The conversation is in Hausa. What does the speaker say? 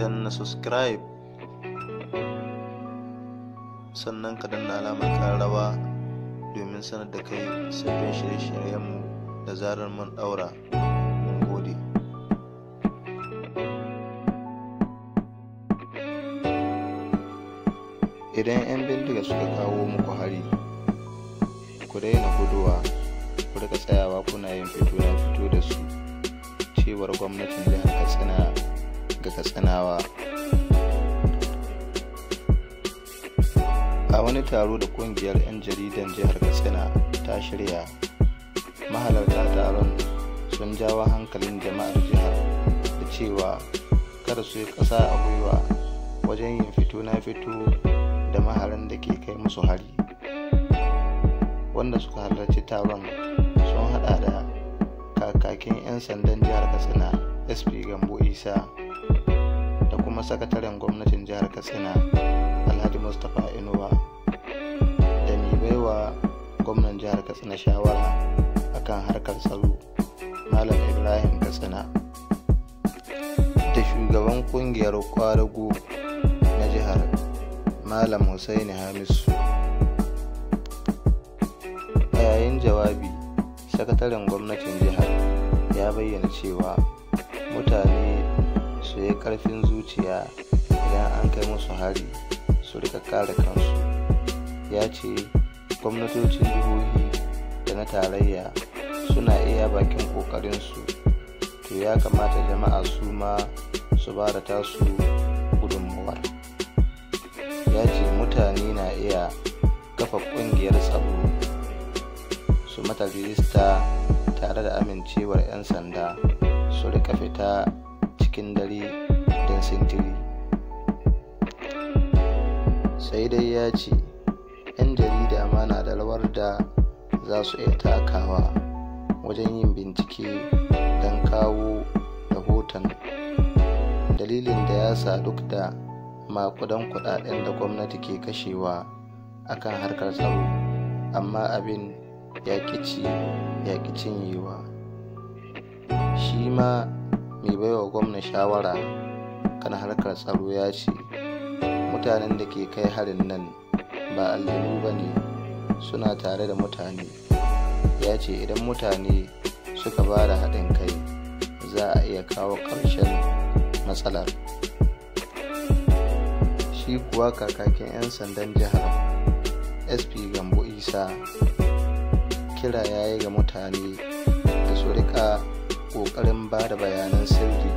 danna subscribe sannan ka danna alamar rawa domin sanar da kai sabbin shirye-shiryenmu da zarar mun daura mun gode idan 'yan bindiga suka kawo muku hari ku daina guduwa ku rika tsayawa kuna yin fito na fito da su cewar gwamnatin jihar katsina ga katsinawa a wani taro da kungiyar 'yan jaridan jihar katsina ta shirya mahalarta taron sun jawo hankalin jama'ar jihar da cewa kada su yi ƙasa a gwiwa wajen yin fito na fito da maharan da ke kai musu hari wanda suka halarci taron sun hada da kakakin 'yan sandan jihar katsina sp gambo isa masakataren sakataren gwamnatin jihar katsina alhaji mustapha inuwa da ni baiwa gwamnan jihar katsina shawara akan harkar tsaro malam ibrahim katsina da shugaban kungiyar kwarago na jihar malam hussaini hamisu a yayin jawabi sakataren gwamnatin jihar ya bayyana cewa mutane su yi karfin zuciya idan an kai musu hari su rika kare kansu ya ce gwamnatocin jihohi da na tarayya suna iya bakin kokarinsu to ya kamata jama'a su ma su ba da tasu gudunmuwar ya ce mutane na iya kafa kungiyar tsaro su mata rijista tare da amincewar 'yan sanda su rika fita cikin dare don sintiri sai dai ya ce 'yan jarida ma na da rawar da za su iya takawa wajen yin bincike don kawo rahoton dalilin da ya sa duk da makudan kudaden da gwamnati ke kashewa akan harkar tsaro amma abin ya kici ya cinyewa shi ma mai baiwa gwamna shawara kan harkar tsaro ya ce mutanen da ke kai harin nan ba aljanu ba ne suna tare da mutane ya ce idan mutane suka ba da haɗin kai za a iya kawo ƙarshen matsalar shi kuwa kakakin 'yan sandan jihar sp gambo isa kira ya yi ga mutane da su riƙa. ƙoƙarin ba da bayanan sirri